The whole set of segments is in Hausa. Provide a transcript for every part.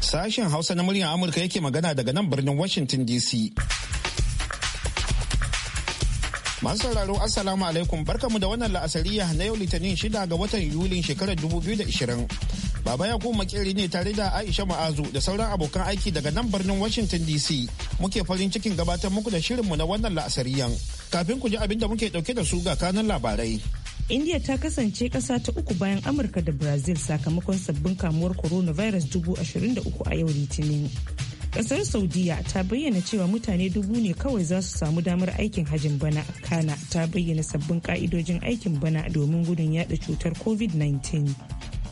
Sashen Hausa na muryar Amurka yake magana daga nan birnin Washington DC. Masu sauraro Assalamu alaikum barkamu da wannan la'asariya na yau litinin shida ga watan Yulin shekarar dubu biyu da 2020. Baba ya kuma makeri ne tare da Aisha Ma'azu da sauran abokan aiki daga nan birnin Washington DC. Muke farin cikin gabatar muku da shirin mu na wannan la'asariyan. Kafin ku ji abin da muke dauke da su ga kanun labarai. India ta kasance kasa ta uku bayan Amurka da Brazil sakamakon sabbin kamuwar coronavirus uku a yau litinin. kasar saudiya ta bayyana cewa mutane dubu ne kawai za su samu damar aikin hajin bana kana ta bayyana sabbin ka'idojin aikin bana domin gudun yada cutar covid-19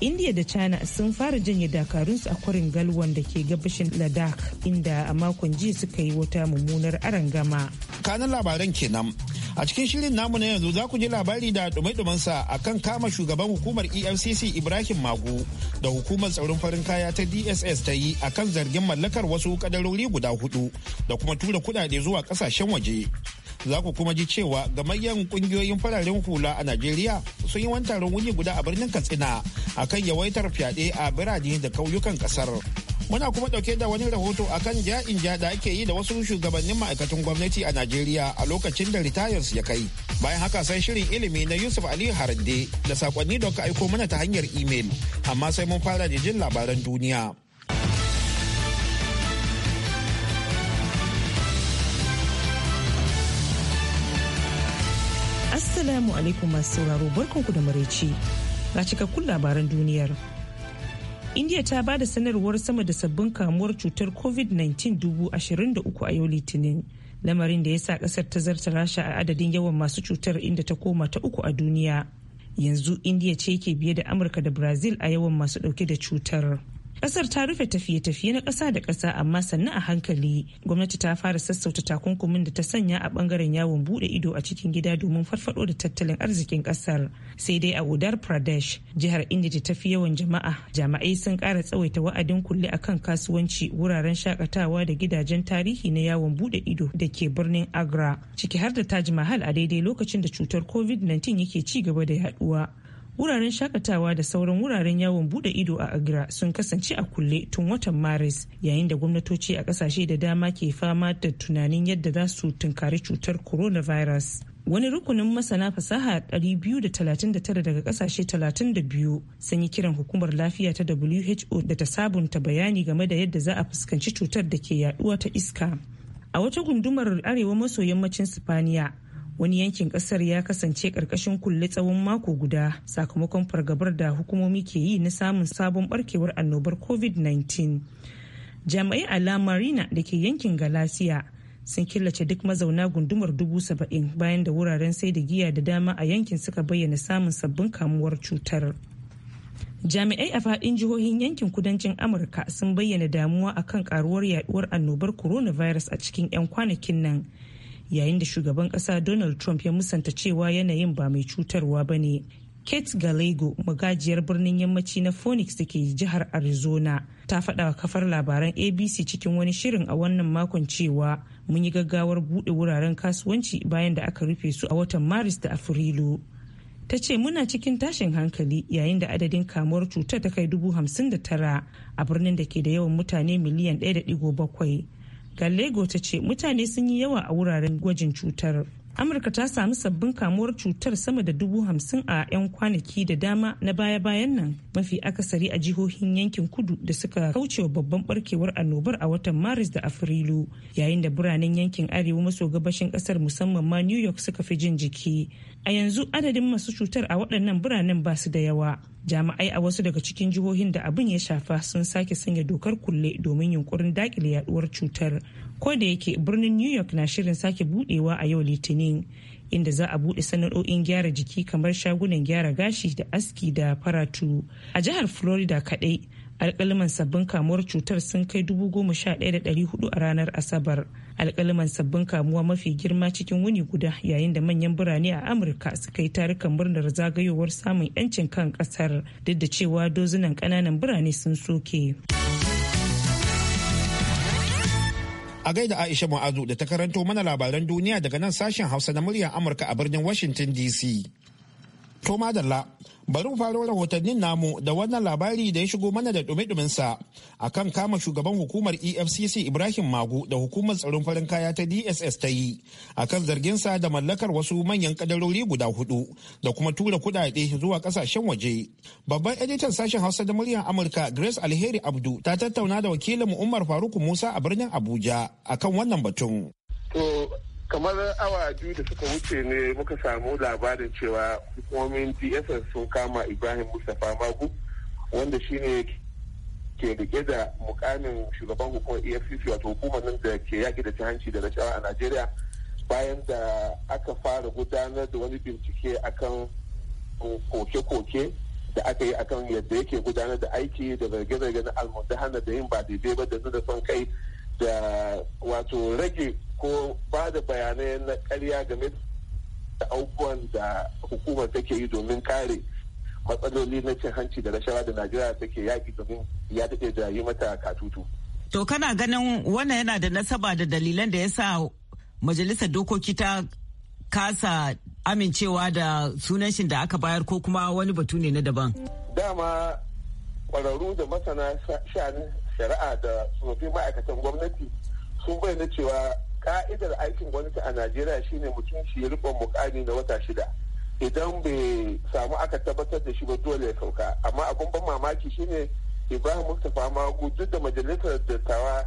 india da china sun fara janye dakarunsu a kwarin galwan da ke gabashin ladakh inda a makon jiya suka yi wata mummunar arangama kanan labaran kenan a cikin shirin namu na yanzu za ku ji labari da dumai-dumansa akan kama shugaban hukumar efcc ibrahim magu da hukumar tsaron farin kaya ta dss ta yi akan zargin mallakar wasu kadarori guda hudu da kuma tura kudade zuwa kasashen waje za ku kuma ji cewa gamayyan kungiyoyin fararen hula a najeriya sun yi wani taron wuni guda a birnin katsina A kan yawaitar fyaɗe a birane da kauyukan kasar muna kuma ɗauke da wani rahoto akan ja'in ja da ake yi da wasu shugabannin ma'aikatan gwamnati a najeriya a lokacin da ritayarsu ya kai bayan haka sai shirin ilimi na yusuf ali harande da sakonni don ka aiko mana ta hanyar imel amma sai mun fara da jin labaran duniya Assalamu alaikum masu sauraro barkanku da maraici ga cikakkun labaran duniyar. India ta ba da sanarwar sama da sabbin kamuwar cutar COVID-19 dubu ashirin da uku a yau Litinin. Lamarin da ya sa kasar ta zarta rasha a adadin yawan masu cutar inda ta koma ta uku a duniya. Yanzu India ce ke biye da Amurka da Brazil a yawan masu dauke da cutar. Ƙasar ta rufe tafiye-tafiye na ƙasa da ƙasa amma sannan a hankali gwamnati ta fara sassauta takunkumin da ta sanya a ɓangaren yawon buɗe ido a cikin gida domin farfaɗo da tattalin arzikin ƙasar. Sai dai a Udar Pradesh jihar inda ta fi yawan jama'a jama'ai sun ƙara tsawaita wa'adin kulle akan kasuwanci wuraren shakatawa da gidajen tarihi na yawon buɗe ido da ke birnin Agra ciki har da Taj Mahal a daidai lokacin da cutar COVID-19 yake ci gaba da yaduwa. wuraren shakatawa da sauran wuraren yawon bude ido a agra sun kasance a kulle tun watan maris yayin da gwamnatoci a kasashe da dama ke fama da tunanin yadda za su tunkari cutar coronavirus wani rukunin masana fasaha 239 daga kasashe 32 sun yi kiran hukumar lafiya ta who da ta sabunta bayani game da yadda za a fuskanci cutar da ke yaduwa ta iska a wata gundumar arewa maso yammacin sifaniya wani yankin kasar ya kasance karkashin kulle tsawon mako guda sakamakon fargabar da hukumomi ke yi na samun sabon barkewar annobar covid-19 jami'ai a marina da ke yankin galasiya sun killace duk mazauna gundumar dubu saba'in bayan da wuraren sai da giya da dama a yankin suka bayyana samun sabbin kamuwar cutar jami'ai a faɗin jihohin yankin kudancin amurka sun bayyana damuwa akan karuwar yaduwar annobar coronavirus a cikin 'yan kwanakin nan yayin da shugaban kasa donald trump ya musanta cewa yanayin ba mai cutarwa ba ne kate gallego magajiyar birnin yammaci na phoenix da ke jihar arizona ta faɗa kafar labaran abc cikin wani shirin a wannan makon cewa mun yi gaggawar buɗe wuraren kasuwanci bayan da aka rufe su a watan maris da afrilu ta ce muna cikin tashin hankali yayin da adadin kamuwar cutar ta kai dubu hamsin da tara a birnin da ke da yawan mutane miliyan 1.7 Gallego ta ce mutane sun yi yawa a wuraren gwajin cutar. amurka ta sami sabbin kamuwar cutar sama da dubu hamsin a 'yan kwanaki da dama na baya-bayan nan mafi akasari a jihohin yankin kudu da suka kauce wa babban barkewar annobar a watan maris da afrilu yayin da biranen yankin arewa maso gabashin kasar musamman ma new york suka fi jin jiki a yanzu adadin masu cutar a waɗannan biranen ba su da yawa jami'ai a wasu daga cikin jihohin da abin ya shafa sun sake sanya dokar kulle domin yunkurin dakile yaduwar cutar ko da yake birnin new york na shirin sake budewa a yau litinin inda za a bude sana'o'in gyara jiki kamar shagunan gyara gashi da aski da faratu a jihar florida kadai alkaliman sabbin kamuwar cutar sun kai dubu goma sha ɗaya da hudu a ranar asabar alkaliman sabbin kamuwa mafi girma cikin wuni guda yayin da manyan birane a amurka suka yi tarukan murnar zagayowar samun 'yancin kan kasar duk da cewa dozinan kananan birane sun soke. A gaida Aisha Mu'azu da ta karanto mana labaran duniya daga nan sashen Hausa na muryar Amurka a birnin Washington DC. To madalla, bari mu faro rahotannin namu da wannan labari da ya shigo mana da dumi-duminsa a kan kama shugaban hukumar EFCC Ibrahim Magu da hukumar tsaron farin kaya ta DSS ta yi a kan zarginsa da mallakar wasu manyan kadarori guda hudu da kuma tura kudade zuwa kasashen waje. Babban editan sashen Hausa da muryar Amurka Grace Alheri Abdu ta tattauna da wakilin Umar Faruk Musa a birnin Abuja akan wannan batun. kamar awa biyu da suka wuce ne muka samu labarin cewa hukumomin dss sun kama ibrahim mustapha magu wanda shine ke rike da mukamin shugaban hukumar efcc wato hukumar nan da ke yaki da hanci da rashawa a nigeria bayan da aka fara gudanar da wani bincike akan koke-koke da aka yi akan yadda yake gudanar da aiki da zarge-zarge na almundahana da yin ba daidai ba da nuna son kai da wato rage ko ba da bayanai na karya game da abubuwan da hukumar take yi domin kare matsaloli na cin hanci da rashawa da najeriya take yaƙi domin ya dade da yi mata katutu. to kana ganin wannan yana da nasaba da dalilan da ya sa majalisar dokoki ta kasa amincewa da sunan shin da aka bayar ko kuma wani batu ne na daban. dama kwararru da masana shari'a da tsofaffin ma'aikatan gwamnati sun bayyana cewa ka'idar aikin gwamnati a najeriya shine mutum shi rikon mukami na wata shida idan bai samu aka tabbatar da shi ba dole ya sauka amma abin ban mamaki shine ibrahim mustapha magu duk da majalisar dattawa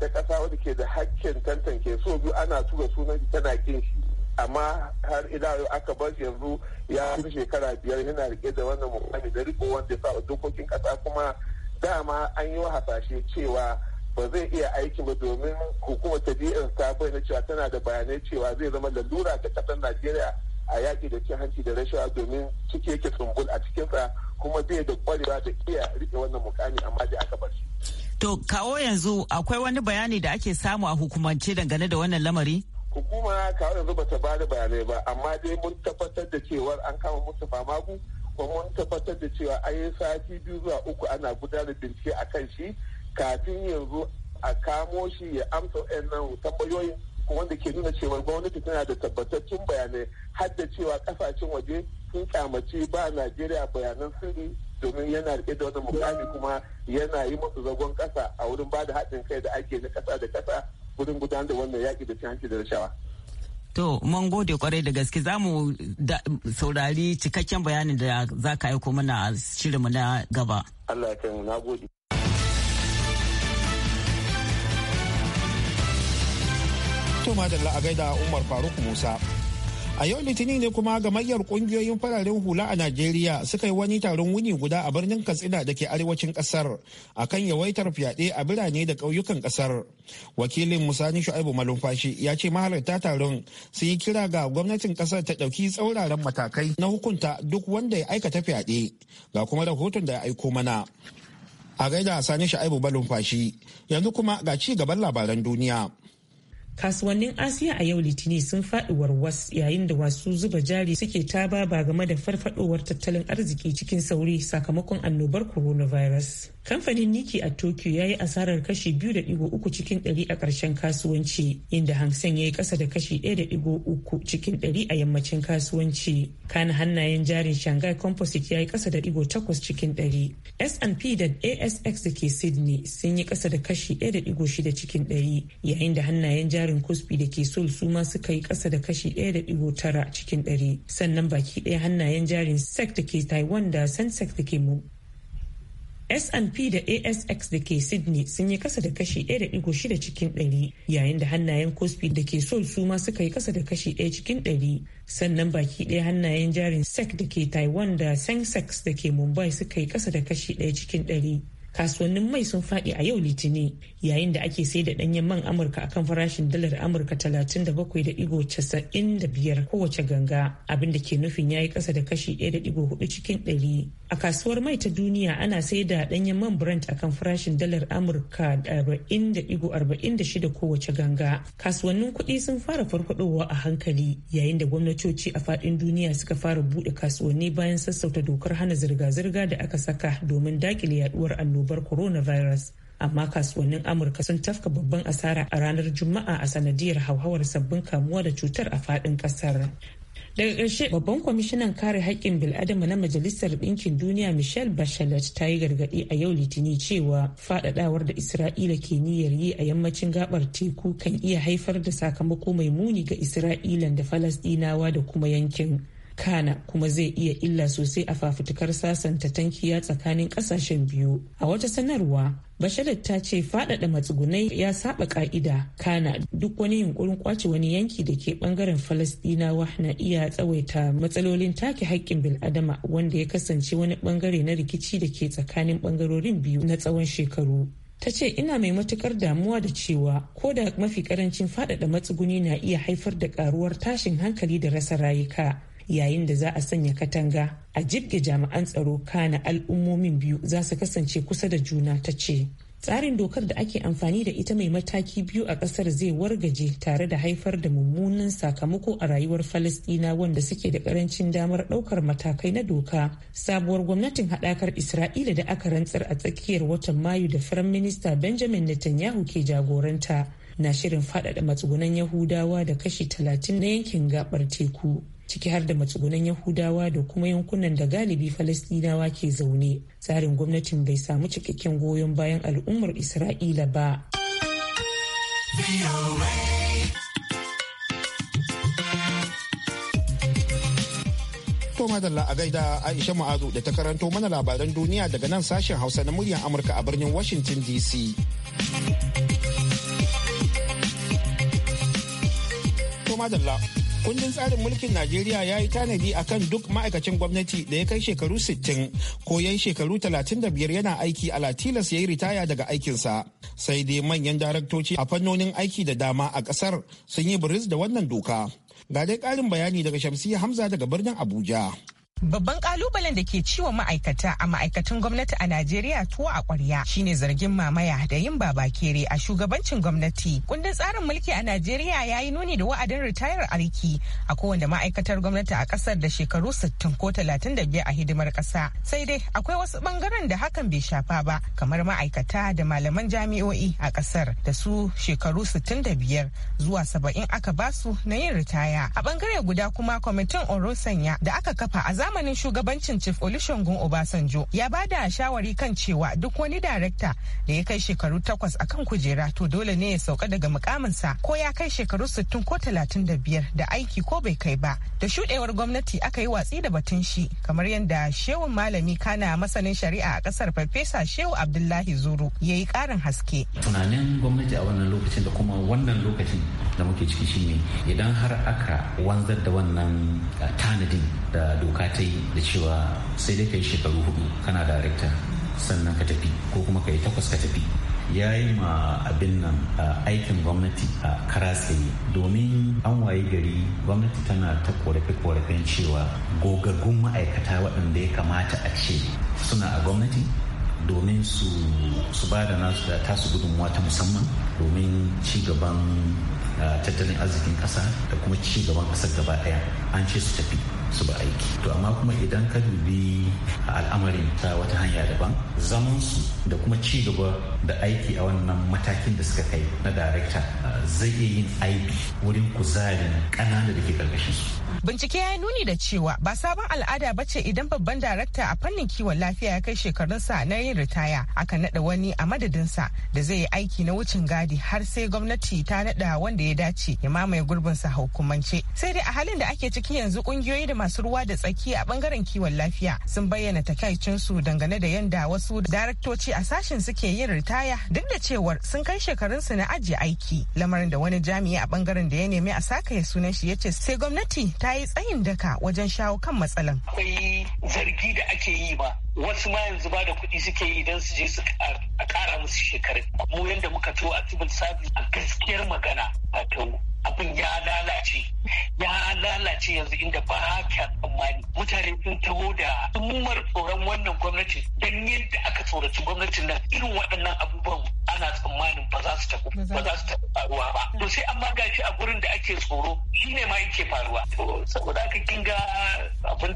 ta kasa wadda ke da hakkin tantance so biyu ana tura sunan shi tana kin shi amma har ila yau aka bar yanzu ya fi shekara biyar yana rike da wannan mukami da riko wanda ya sa dokokin ƙasa kuma dama an yi wa hasashe cewa ba zai iya aiki ba domin hukumar ta ta bayyana cewa tana da bayanai cewa zai zama lalura ga kasar najeriya a yaki da cin hanci da rashawa domin ciki yake tsumbul a cikin cikinsa kuma bai da kwarewa da iya riƙe wannan mukami amma dai aka bar to kawo yanzu akwai wani bayani da ake samu a hukumance dangane da wannan lamari. hukuma kawo yanzu bata ba da bayanai ba amma dai mun tabbatar da cewar an kama mustapha magu kuma mun tabbatar da cewa an yi sati biyu zuwa uku ana gudanar bincike a kan shi kafin yanzu a kamo shi ya amsa wayannan tambayoyin wanda ke nuna cewa gwamnati tana da tabbatattun bayanai har da cewa kasashen waje sun kamaci ba najeriya bayanan sirri domin yana rike da wani mukami kuma yana yi masu zagon kasa a wurin ba da haɗin kai da ake na kasa da kasa wurin gudanar da wannan yaƙi da cin da rashawa. To, mun gode kwarai da gaske za mu saurari cikakken bayanin da za ka aiko mana a shirinmu na gaba. Allah ya kai na gode. To madalla a gaida Umar Faruk Musa. A yau Litinin ne kuma ga gamayyar kungiyoyin fararen hula a Najeriya suka yi wani taron wuni guda a birnin Katsina da ke arewacin kasar akan yawaitar fyaɗe a birane da ƙauyukan kasar. Wakilin Musani Shu'aibu Malumfashi ya ce mahalarta taron sun yi kira ga gwamnatin kasar ta ɗauki tsauraran matakai na hukunta duk wanda ya aikata fyaɗe. Ga kuma rahoton da ya aiko mana. A gaida Sani Shu'aibu Malumfashi yanzu kuma ga ci gaban labaran duniya. kasuwannin asiya a yau litini sun faɗi warwas yayin da wasu zuba jari suke taba ba game da farfadowar tattalin arziki cikin sauri sakamakon annobar coronavirus Kamfanin Niki a Tokyo ya yi asarar kashi 2.3 cikin 100 a ƙarshen kasuwanci, inda Hang ya yi ƙasa da kashi 1.3 cikin 100 a yammacin kasuwanci. Kana hannayen jarin Shanghai Composite ya yi ƙasa da 8 cikin 100. S&P da ASX da ke Sydney sun yi ƙasa da kashi 1.6 cikin 100, yayin da hannayen jarin Kospi da ke sol su ma suka yi ƙasa da kashi 1.9 cikin 100. Sannan baki ɗaya hannayen jarin SEC da ke Taiwan da Sensex da ke S&P da ASX da ke Sydney sun yi kasa da kashi 1.6 cikin 100 yayin da hannayen cosby da ke Seoul su ma suka yi kasa da kashi 1 cikin 100 sannan baki ɗaya hannayen jarin SEC da ke Taiwan da Sensex da ke Mumbai suka yi kasa da kashi 1 cikin 100. kasuwannin mai sun faɗi a yau litinin yayin da ake sai da ɗanyen man amurka akan farashin dalar amurka 37.95 kowace ganga abin da ke nufin ya yi ƙasa da kashi 1.4 cikin 100 a kasuwar mai ta duniya ana sai da ɗanyen man brent akan farashin dalar amurka 40.46 kowace ganga kasuwannin kuɗi sun fara farfadowa a hankali yayin da gwamnatoci a faɗin duniya suka fara buɗe kasuwanni bayan sassauta dokar hana zirga-zirga da aka saka domin daƙile yaduwar allo annobar coronavirus. amma kasuwannin amurka sun tafka babban asara a ranar juma'a a sanadiyar hauhawar sabbin kamuwa da cutar a fadin kasar. daga ƙarshe babban kwamishinan kare haƙƙin bil'adama na majalisar ɗinkin duniya michelle bachelet ta yi gargaɗi a yau litini cewa faɗaɗawar da isra'ila ke niyyar yi a yammacin gabar teku kan iya haifar da sakamako mai muni ga isra'ilan da falasɗinawa da kuma yankin kana kuma zai iya illa sosai a fafutukar sasanta tankiya tsakanin kasashen biyu a wata sanarwa basharar ta ce faɗaɗa matsugunai ya saba ka'ida kana duk wani yunkurin kwace wani yanki da ke bangaren Falastinawa na iya tsawaita matsalolin take haƙƙin bil'adama wanda ya kasance wani bangare na rikici da ke tsakanin bangarorin biyu na tsawon shekaru ta ce ina mai matukar damuwa da cewa ko da mafi karancin faɗaɗa matsuguni na iya haifar da karuwar tashin hankali da rasa rayuka yayin da za a sanya katanga a jibge jami'an tsaro kana al'ummomin biyu za su kasance kusa da juna ta ce tsarin dokar da ake amfani da ita mai mataki biyu a kasar zai wargaje tare da haifar da mummunan sakamako a rayuwar falastina wanda suke da karancin damar daukar matakai na doka sabuwar gwamnatin hadakar isra'ila da aka rantsar a tsakiyar watan mayu da firan minista benjamin netanyahu ke jagoranta na shirin fadada matsugunan yahudawa da kashi talatin na yankin gabar teku ciki har da matsugunan yahudawa da kuma yankunan da galibi falastinawa ke zaune tsarin gwamnatin bai samu cikakken goyon bayan al'ummar isra'ila ba to dalla a gaida aisha ma'azu da ta karanto mana labaran duniya daga nan sashen hausa na muryar amurka a birnin washington dc to dalla. kundin tsarin mulkin najeriya ya yi tanadi a kan duk ma'aikacin gwamnati da ya kai shekaru 60 ko yan shekaru 35 yana aiki a latilas ya yi ritaya daga aikinsa sai dai manyan daraktoci a fannonin aiki da dama a kasar sun yi biris da wannan doka ga dai karin bayani daga shamsiya hamza daga birnin abuja Babban kalubalen da ke ciwo ma'aikata a ma'aikatan gwamnati a Najeriya tuwo a ƙwarya shine zargin mamaya da yin baba kere a shugabancin gwamnati. Kundin tsarin mulki a Najeriya ya yi nuni da wa'adin ritayar aliki a kowane ma'aikatar gwamnati a ƙasar da shekaru 60 ko 35 a hidimar ƙasa. Sai dai akwai wasu ɓangaren da hakan bai shafa ba kamar ma'aikata da malaman jami'o'i a ƙasar da su shekaru 65 zuwa 70 aka basu na yin ritaya. A ɓangare guda kuma kwamitin Orosanya da aka kafa a zamanin shugabancin Chief Olusegun Obasanjo ya ba da shawari kan cewa duk wani darekta da ya kai shekaru takwas a kan kujera to dole ne ya sauka daga mukaminsa ko ya kai shekaru sittin ko talatin da biyar da aiki ko bai kai ba. Da shuɗewar gwamnati aka yi watsi da batun shi kamar yadda shehun malami kana masanin shari'a a ƙasar Farfesa Shehu Abdullahi Zuru ya yi ƙarin haske. Tunanin gwamnati a wannan lokacin da kuma wannan lokacin da muke ciki shine idan har aka wanzar da wannan uh, tanadin da doka ta yi da cewa sai dai ka yi shekaru hudu kana darekta sannan ka tafi ko kuma ka yi takwas ka tafi ya yi ma abin nan aikin gwamnati a karasai domin an waye gari gwamnati tana ta korafe-korafen cewa gogaggun ma'aikata waɗanda ya kamata a ce suna a gwamnati domin su ba da nasu da tasu gudunmuwa ta musamman domin ci gaban tattalin arzikin ƙasa da kuma ci gaban ƙasar gaba ɗaya an ce su tafi su ba aiki to amma kuma idan ka dubi al'amarin ta wata hanya daban zaman su da kuma ci gaba da aiki a wannan matakin da suka kai na darekta eh, zai iya yin aiki wurin kuzarin ƙananan da ke karkashin su Bincike ya nuni da cewa ba sabon al'ada ba ce idan babban darakta a fannin kiwon lafiya ya kai shekarunsa na yin ritaya aka naɗa wani a madadinsa da zai yi aiki na wucin gadi har sai gwamnati ta naɗa wanda ya dace ya mamaye gurbin gurbinsa hukumance. Sai dai a halin da ake ciki yanzu kungiyoyi da masu ruwa da tsaki a bangaren kiwon lafiya sun bayyana takaicinsu dangane da yanda wasu daraktoci a sashen suke yin ritaya duk da cewar sun kai shekarunsu na ajiye aiki lamarin da wani jami'i a bangaren da ya nemi a saka ya sunan shi ya ce sai gwamnati ta yi tsayin daka wajen shawo kan matsalan. Akwai zargi da ake yi ba wasu ma yanzu ba da kuɗi suke yi idan su je su a ƙara musu shekarun kuma yadda muka to a civil service a gaskiyar magana wato abin ya lalace ya lalace yanzu inda ba ka tsammani mutane sun taho da tsummar tsoron wannan gwamnati don yadda aka tsoraci gwamnatin nan irin waɗannan abubuwan ana tsammanin ba za su tafi ba za su tafi faruwa ba to sai amma gashi a gurin da ake tsoro shine ma yake faruwa to saboda haka kin ga abin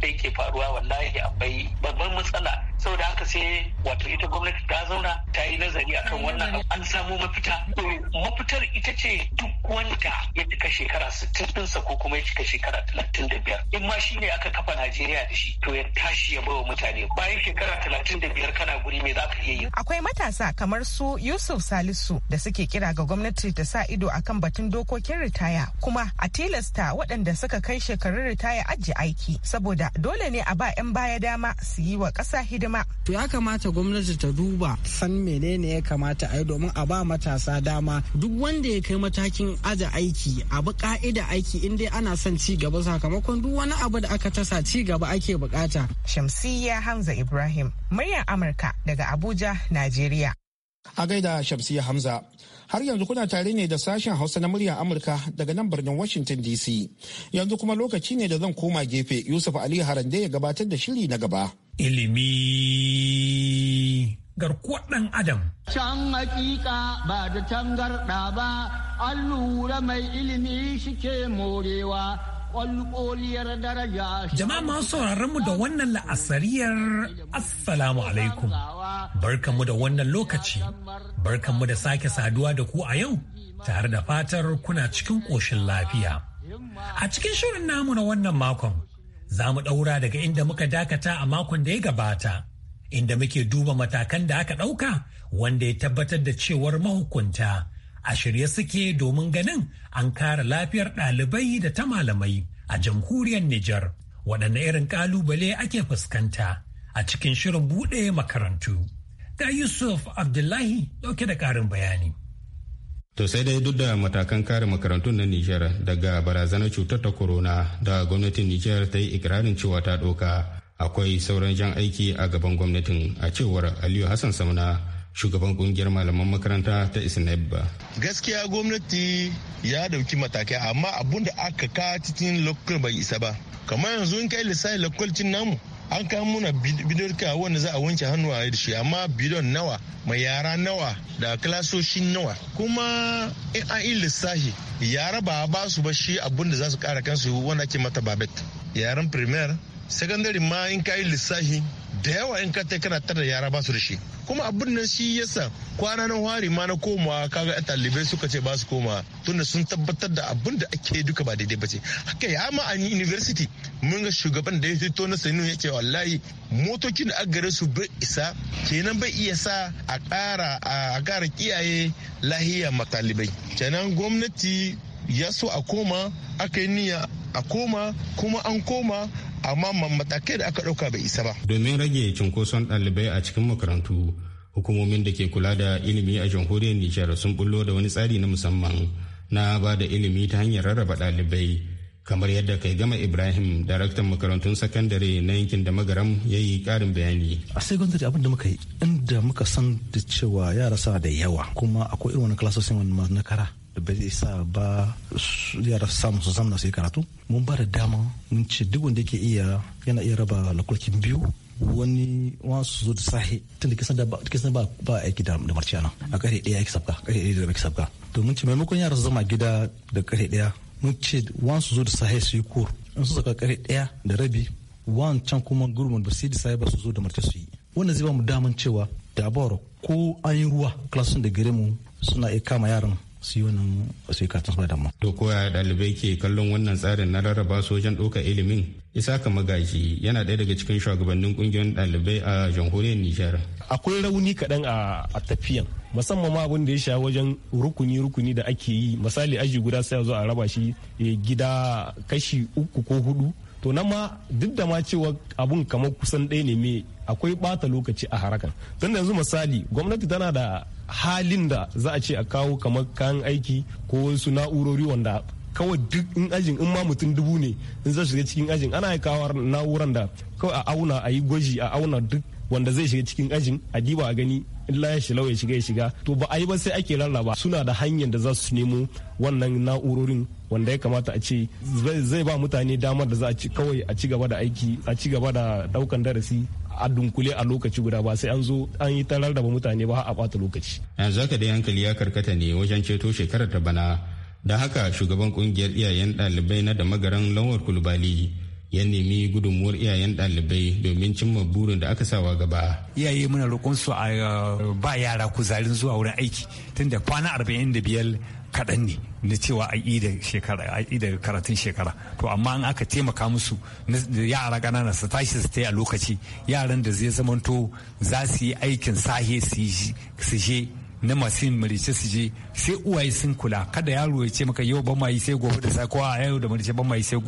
da yake faruwa wallahi akwai babban matsala saboda haka sai wato ita gwamnati ta zauna ta yi nazari akan wannan an samu mafita mafitar ita ce duk wanda ya cika shekara sittin ɗinsa ko kuma ya cika shekara talatin da biyar in ma shi ne aka kafa najeriya da shi to ya tashi ya bawa mutane bayan shekara talatin da biyar kana guri me za ka iya yi akwai matasa kamar su yusuf salisu da suke kira ga gwamnati ta sa ido akan batun dokokin ritaya kuma a tilasta waɗanda suka kai shekarun ritaya ajiye aiki saboda dole ne a ba 'yan baya dama su yi wa ƙasa hidima hidima. To ya kamata gwamnati ta duba san menene ya kamata a yi domin a ba matasa dama duk wanda ya kai matakin aza aiki abu ka'ida aiki in dai ana son ci gaba sakamakon duk wani abu da aka tasa ci gaba ake bukata. Shamsiyya Hamza Ibrahim, muryar Amurka daga Abuja, Najeriya. A gaida Shamsiyya Hamza, har yanzu kuna tare ne da sashen Hausa na muryar Amurka daga nan birnin Washington DC. Yanzu kuma lokaci ne da zan koma gefe Yusuf Ali Harande ya gabatar da shiri na gaba. ilimi garkuwar ɗan adam. Can hakika ba da tangarɗa ba, an lura mai ilimi shike morewa, ƙwalƙoliyar daraja. Jama'a masu sauraron mu da wannan la'asariyar Assalamu alaikum. Barkanmu da wannan lokaci, barkanmu da sake saduwa da ku a yau, tare da fatar kuna cikin ƙoshin lafiya. A cikin shirin namu na wannan makon. za mu ɗaura daga inda muka dakata a makon da ya gabata, inda muke duba matakan da aka ɗauka wanda ya tabbatar da cewar mahukunta a shirye suke domin ganin an kare lafiyar ɗalibai da ta malamai a jamhuriyar Nijar, waɗanne irin ƙalubale ake fuskanta a cikin shirin buɗe makarantu. Ga Yusuf Abdullahi ɗauke da ƙarin bayani. To sai dai duk da matakan kare makarantun na Nijar daga barazanar cutar ta corona da gwamnatin Nijar ta yi ikirarin cewa ta ɗauka akwai sauran jan aiki a gaban gwamnatin a cewar Aliyu Hassan samuna shugaban kungiyar malaman makaranta ta isnaibba Gaskiya gwamnati ya dauki matakai amma abun da aka ka cikin lokacin bai isa ba. Kamar yanzu in kai lissafi lokacin namu an kawo muna bidorka wanda za a wanke hannu a da shi amma bidon nawa mai yara nawa da klasoshi nawa kuma in an yi lissahi yara ba a basu ba shi abun da za su kara kansu wanda ake mata babet yaran primaire secondary ma in ka yi lissahi da yawa in ka kana tar yara basu da shi kuma abin nan shi yasa kwana na hari ma na komawa kaga ɗalibai suka ce ba su koma tunda sun tabbatar da abin da ake duka ba daidai ba ce haka ya ma a university mun ga shugaban da ya fito na sanin ya ce wallahi motokin da gare su bai isa kenan bai iya sa a kara a kara kiyaye lahiya ma talibai kenan gwamnati ya so a koma aka yi niyya a koma kuma an koma amma matakai da aka ɗauka bai isa ba. Domin rage cunkoson ɗalibai a cikin makarantu, hukumomin da ke kula da ilimi a jamhuriyar Nijar sun bullo da wani tsari na musamman na ba da ilimi ta hanyar rarraba ɗalibai. Kamar yadda kai gama Ibrahim, daraktan makarantun sakandare na yankin da magaram ya yi ƙarin bayani. A secondary abin da muka yi, inda muka san da cewa yara sa da yawa kuma akwai irin wani klasosin wani na kara. da ba zai sa ba yara su samu su zamna su yi karatu mun ba da dama mun ce duk wanda yake iya yana iya raba lakulkin biyu wani wasu zo da sahi tun da kisan ba ba aiki da marciya nan a kare daya aiki sabka kare daya da aiki sabka to mun ce maimakon yara su zama gida da kare daya mun ce wasu zo da sahi su yi kur in su saka kare daya da rabi wancan kuma gurbin ba su yi da sahi ba su zo da marciya su yi wannan zai ba mu daman cewa da ko an yi ruwa klasun da gare mu suna iya kama yaran su yi wannan su yi katin da mu. To ya ɗalibai ke kallon wannan tsarin na rarraba sojan wajen ɗaukar ilimin? Isaka Magaji yana ɗaya daga cikin shugabannin ƙungiyoyin ɗalibai a jamhuriyar Nijar. Akwai rauni kaɗan a tafiyan musamman ma abin da ya sha wajen rukuni-rukuni da ake yi misali aji guda sai zo a raba shi eh, gida kashi uku ko hudu to nan ma duk da ma cewa abun kamar kusan ɗaya ne me akwai bata lokaci a harakan tun da yanzu misali gwamnati tana da halin da za a ce a kawo kamar kayan aiki ko wasu na'urori wanda kawai duk in ajin in ma mutum dubu ne in zai shiga cikin ajin ana kawo na'uran da kawai a auna a yi gwaji a auna duk wanda zai shiga cikin ajin a diba a gani in la ya shilau ya shiga ya shiga to ba a yi ba sai ake rarraba suna da hanyar da za su nemo wannan na'urorin wanda ya kamata a ce zai ba mutane damar da za a ci kawai a ci gaba da aiki a ci gaba da daukan darasi a dunkule a lokaci guda ba sai an zo an yi ta rarraba mutane ba a bata lokaci. yanzu haka dai hankali ya karkata ne wajen ceto shekarar ta bana da haka shugaban kungiyar iyayen ɗalibai na da magaran lauwar kulubali ya nemi gudunmuwar iyayen ɗalibai domin cimma burin da aka sawa gaba. Iyaye muna roƙon su a ba yara kuzarin zuwa wurin aiki tun da kwana arba'in da biyar kaɗan ne na cewa a da shekara a da karatun shekara to amma an aka taimaka musu yara ƙanana su tashi su a lokaci yaran da zai zamanto za su yi aikin sahe su je na masu marice su je sai uwaye sun kula kada yaro ya ce maka yau ban mayi sai gobe da sai kowa a yau da marice ban mayi sai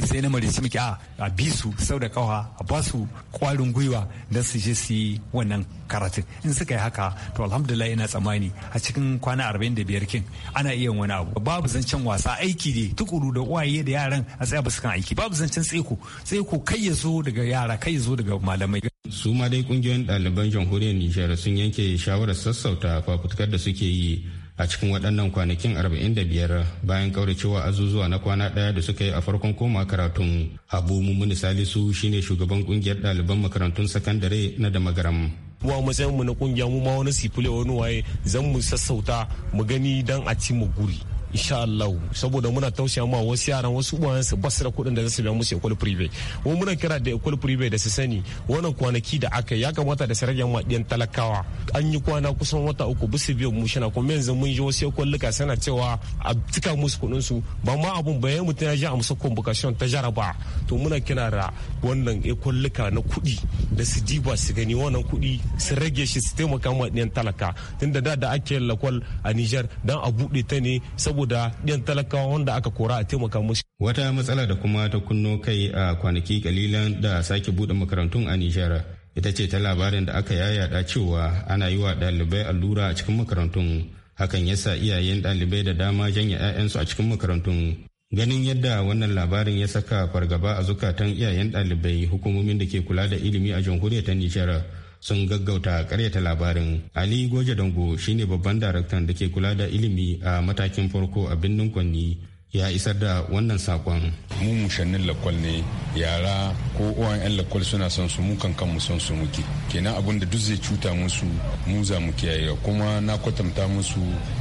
sai na marice miki a a bi su sau da kawa a ba su kwarin gwiwa da su je su yi wannan karatun in suka yi haka to alhamdulillah ina tsammani a cikin kwana biyar kin ana iya wani abu babu zancen wasa aiki ne tukuru da uwaye da yaran a tsaya ba su kan aiki babu zancen tseko tsaiko kai ya zo daga yara kai ya zo daga malamai su ma dai kungiyoyin ɗaliban jamhuriyar nijar sun yanke shawarar sassauta fafutukar da suke yi a cikin waɗannan kwanakin 45 bayan kauracewa azuzuwa na kwana ɗaya da suka yi a farkon koma karatun abu mummuni salisu shine shugaban kungiyar ɗaliban makarantun sakandare na damagaram mu matsayin mu na kungiya mu ma wani sifile wani waye zan mu sassauta mu gani dan a ci mu guri insha Allah saboda muna tausaya ma wasu yaran wasu uwayen su basu da kuɗin da za su biya musu ekol prive mu muna kira da ekol prive da su sani wannan kwanaki da aka ya kamata da su rage ma ɗiyan talakawa an yi kwana kusan wata uku bisu biyan mu shina kuma yanzu mun yi wasu ekolluka sana cewa a cika musu kuɗin su ba ma abun ba yayin mutum ya ji a convocation ta jaraba to muna kira da wannan ekolluka na kuɗi da su diba su gani wannan kuɗi su rage shi su taimaka ma ɗiyan talaka tunda da da ake lakwal a nijar dan a buɗe ta ne saboda saboda yan talakawa wanda aka kora a taimaka musu. Wata matsala da kuma ta kunno kai a kwanaki kalilan da sake buɗe makarantun a Nijar ita ce ta labarin da aka yayada cewa ana yi wa ɗalibai allura a cikin makarantun hakan yasa iyayen ɗalibai da dama janye 'ya'yansu a cikin makarantun ganin yadda wannan labarin ya saka fargaba a zukatan iyayen ɗalibai hukumomin da ke kula da ilimi a jamhuriyar ta nijar sun gaggauta karyata labarin ali goje dango shine babban daraktan da ke kula da ilimi a matakin farko a birnin kwanni ya isar da wannan sakon. mu mushannin lakwal ne yara ko uwan 'yan lakwal suna son su mu kan kanmu son su muke kenan abin da duk zai cuta musu mu za mu kiyaye kuma na kwatanta musu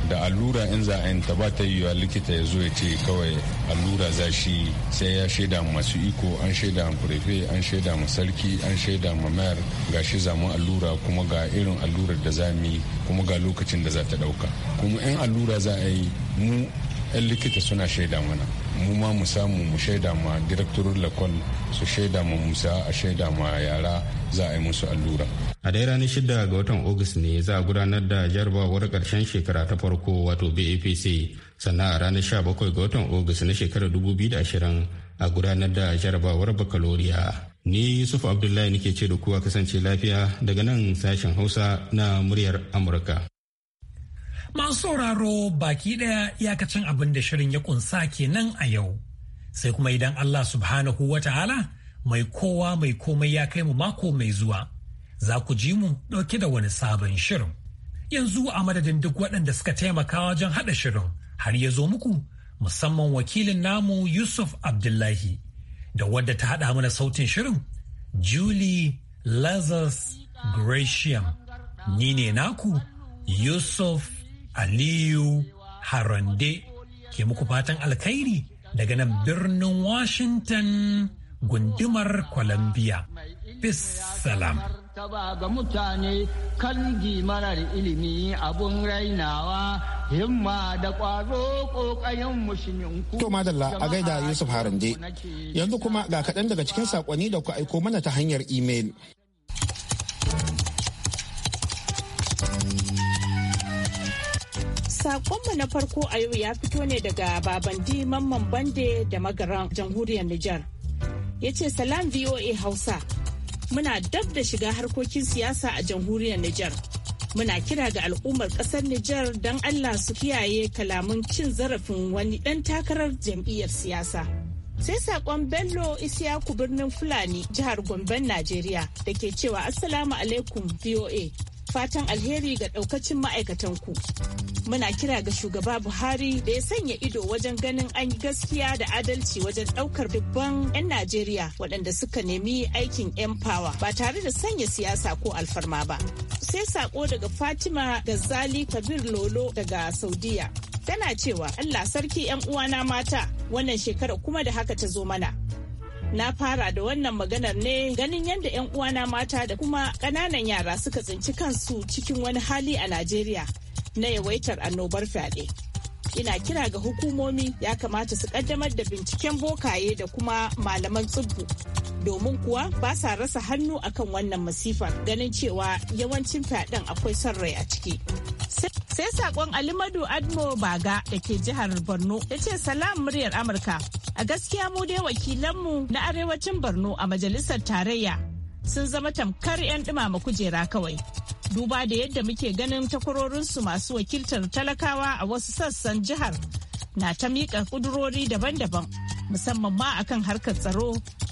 da allura in za a yin ta ba ta yiwa likita ya zo ya ce kawai allura za shi sai ya shaida masu iko an shaida mu kurefe an shaida mu sarki an shaida mu mayar ga shi za mu allura kuma ga irin allurar da za mu yi kuma ga lokacin da za ta ɗauka kuma in allura za a yi mu 'yan likita suna shaida mana mu ma mu samu mu shaida ma direktorin lakon su shaida ma musa a shaida ma yara za a yi musu allura a dai ranar shida ga watan ogis ne za a gudanar da jarabawar karshen shekara ta farko wato bapc sannan a ranar sha bakwai ga watan ogis na shekarar dubu biyu da ashirin a gudanar da jarabawar bakaloriya ni yusuf abdullahi nake ce da kuwa kasance lafiya daga nan sashen hausa na muryar amurka Masu sauraro baki ɗaya cin abin da shirin ya kunsa kenan a yau. Sai kuma idan Allah subhanahu wa ta'ala mai kowa mai komai ya kai mu mako mai zuwa. Za ku ji mu ɗauke da wani sabon shirin. Yanzu a madadin duk waɗanda suka taimaka wajen haɗa shirin har ya zo muku musamman wakilin namu Yusuf Abdullahi da wadda ta haɗa mana sautin shirin Julie Lazarus Gratiam. Ni ne naku Yusuf Aliyu Harande ke muku fatan alkhairi daga nan birnin Washington gundumar Columbia. Bis salam. ga mutane kan marar ilimi abun rainawa himma da ƙwaro ƙoƙayen mushiminku. To madalla a gaida Yusuf Harande yanzu kuma ga kaɗan daga cikin saƙonni da ku aiko mana ta hanyar imel. Sakonmu na farko a yau ya fito ne daga Babandi Mamman Bande da Magaran Jamhuriyar Nijar. Ya ce salam VOA Hausa. Muna dab da shiga harkokin siyasa a Jamhuriyar Nijar. Muna kira ga al'ummar ƙasar Nijar don Allah su kiyaye kalamun cin zarafin wani ɗan takarar jam'iyyar siyasa. sai saƙon bello isiyaku birnin fulani jihar gomben najeriya da ke cewa assalamu alaikum voa fatan alheri ga daukacin ku Muna kira ga shugaba Buhari da ya sanya ido wajen ganin an yi gaskiya da adalci wajen daukar dubban 'yan Najeriya waɗanda suka nemi aikin 'yan fawa ba tare da sanya siyasa ko alfarma ba. Sai sako daga Fatima Gazali Kabir Lolo daga Saudiya. Tana cewa Allah sarki 'yan uwana mata wannan shekara kuma da haka ta zo mana. Na fara da wannan maganar ne ganin yadda 'yan uwana mata da kuma ƙananan yara suka tsinci kansu cikin wani hali a Najeriya na yawaitar annobar fyaɗe. Ina kira ga hukumomi ya kamata su ƙaddamar da binciken bokaye da kuma malaman tsibbu domin kuwa ba sa rasa hannu akan wannan masifar ganin cewa yawancin fyaɗen akwai son rai a ciki. Sai sakon Alimadu Admo Baga da ke jihar Borno ya ce salam muryar Amurka. A gaskiya mu dai wakilanmu na arewacin Borno a majalisar tarayya sun zama tamkar 'yan ɗumama kujera kawai. Duba da yadda muke ganin takwarorinsu masu wakiltar talakawa a wasu sassan jihar na ta miƙa ƙudurori daban-daban musamman ma akan harkar tsaro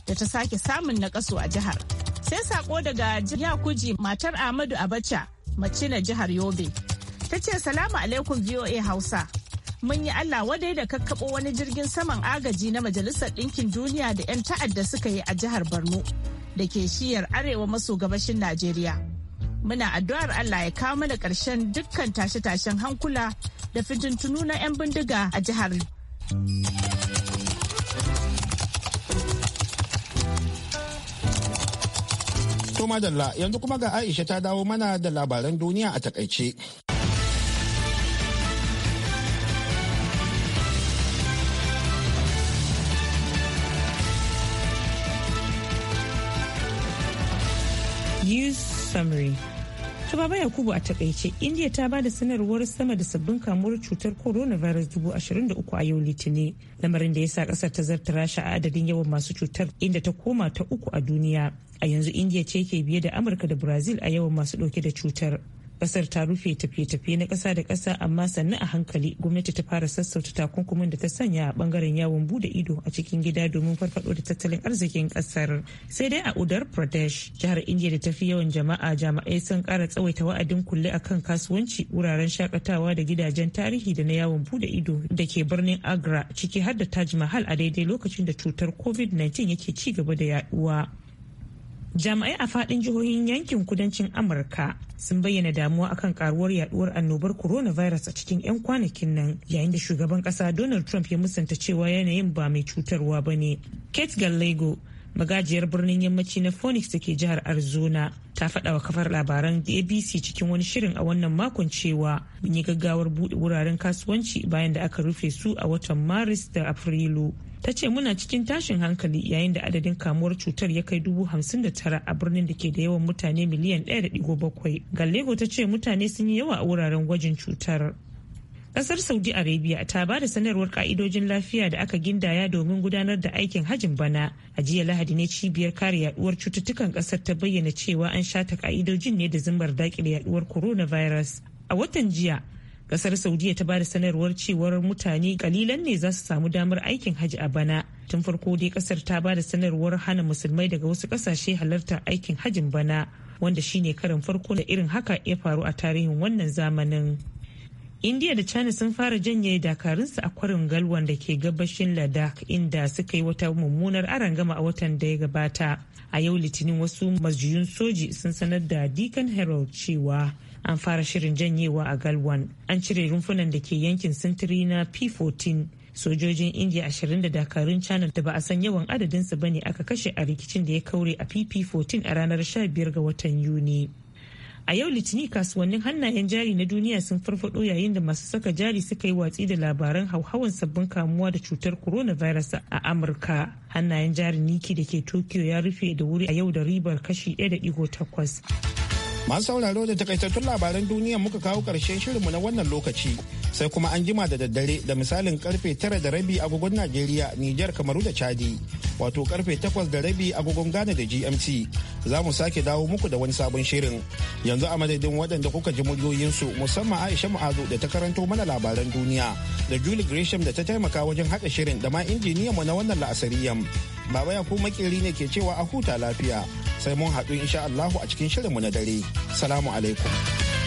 da ta sake samun nakasu a jihar. Sai sako daga Yakuji matar Ahmadu Abacha mace na jihar Yobe. Ta ce salamu alaikum VOA Hausa. Mun yi Allah wadai da kakkaɓo wani jirgin saman agaji na Majalisar Ɗinkin Duniya da 'yan ta'adda suka yi a jihar Borno da ke shiyar arewa maso gabashin Najeriya. Muna addu'ar Allah ya kawo mana ƙarshen dukkan tashe-tashen hankula da fitintunu na 'yan bindiga a jihar. To dalla yanzu kuma ga Aisha ta dawo mana da labaran duniya a takaice. News Summary Shugaba Yakubu a takaice, India ta ba da sanarwar sama da sabbin kamuwar cutar coronavirus 2023 a yau litini, lamarin da ya sa kasar ta zartara rasha a adadin yawan masu cutar inda ta koma ta uku a duniya. a yanzu India ce ke biye da amurka da brazil a yawan masu ɗauke da cutar kasar ta rufe tafiye-tafiye na ƙasa da ƙasa amma sannu a hankali gwamnati ta fara sassauta takunkumin da ta sanya a bangaren yawon bude ido a cikin gida domin farfado da tattalin arzikin ƙasar sai dai a udar pradesh jihar india da ta fi yawan jama'a jama'ai sun kara tsawaita wa'adin kulle akan kasuwanci wuraren shakatawa da gidajen tarihi da na yawon bude ido da ke birnin agra ciki har da taj mahal a daidai lokacin da cutar covid-19 yake ci gaba da yaduwa jami'ai a fadin jihohin yankin kudancin amurka sun bayyana damuwa akan karuwar yaduwar annobar coronavirus a cikin 'yan kwanakin nan yayin da shugaban kasa donald trump ya musanta cewa yanayin ba mai cutarwa ba ne kate gallego magajiyar birnin yammaci na phoenix da ke jihar arizona ta faɗa wa kafar labaran abc cikin wani shirin a wannan makon cewa mun yi gaggawar buɗe wuraren kasuwanci bayan da aka rufe su a watan maris da afrilu ta ce muna cikin tashin hankali yayin da adadin kamuwar cutar ya kai dubu hamsin da tara a birnin da ke da yawan mutane miliyan ɗaya da ɗigo bakwai gallego ta ce mutane sun yi yawa a wuraren gwajin cutar ƙasar saudi arabia ta ba da sanarwar ka'idojin lafiya da aka gindaya domin gudanar da aikin hajin bana a jiya lahadi ne cibiyar kare yaduwar cututtukan ƙasar ta bayyana cewa an shata ka'idojin ne da zimbar dakile yaduwar coronavirus a watan jiya kasar saudiya ta ba da sanarwar cewar mutane kalilan ne za su samu damar aikin hajji a bana tun farko dai kasar ta ba da sanarwar hana musulmai daga wasu kasashe halartar aikin hajjin bana wanda shine karin farko da irin haka ya faru a tarihin wannan zamanin indiya da china sun fara janye dakarunsu a kwarin galwan da ke gabashin ladakh inda suka yi wata mummunar arangama a watan da ya gabata a yau litinin wasu masjiyun soji sun sanar da deacon herald cewa an fara shirin janyewa a galwan an cire rumfunan da ke yankin sintiri na p14 sojojin india 20 da dakarun china da ba a san yawan adadinsu ba ne aka kashe a rikicin da ya kaure a pp14 a ranar 15 ga watan yuni a yau litini kasuwannin hannayen jari na duniya sun farfado yayin da masu saka jari suka yi watsi da labaran hauhawan sabbin kamuwa da cutar coronavirus a amurka hannayen jari niki da ke tokyo ya rufe da wuri a yau da ribar kashi 1.8 Masu sauraro da takaitattun labaran duniya muka kawo ƙarshen shirinmu na wannan lokaci sai kuma an jima da daddare da misalin karfe tara da rabi agogon Najeriya, Nijar, Kamaru da Chadi. Wato karfe takwas da rabi agogon Ghana da GMT. Za mu sake dawo muku da wani sabon shirin. Yanzu a madadin waɗanda kuka ji muryoyinsu musamman Aisha Mu'azu da ta karanto mana labaran duniya da Julie Gresham da ta taimaka wajen haɗa shirin da ma injiniyanmu na wannan la'asariyan. Baba ya ku makeri ne ke cewa a huta lafiya sai mun haɗu insha Allahu a cikin shirinmu na dare. Salamu alaikum.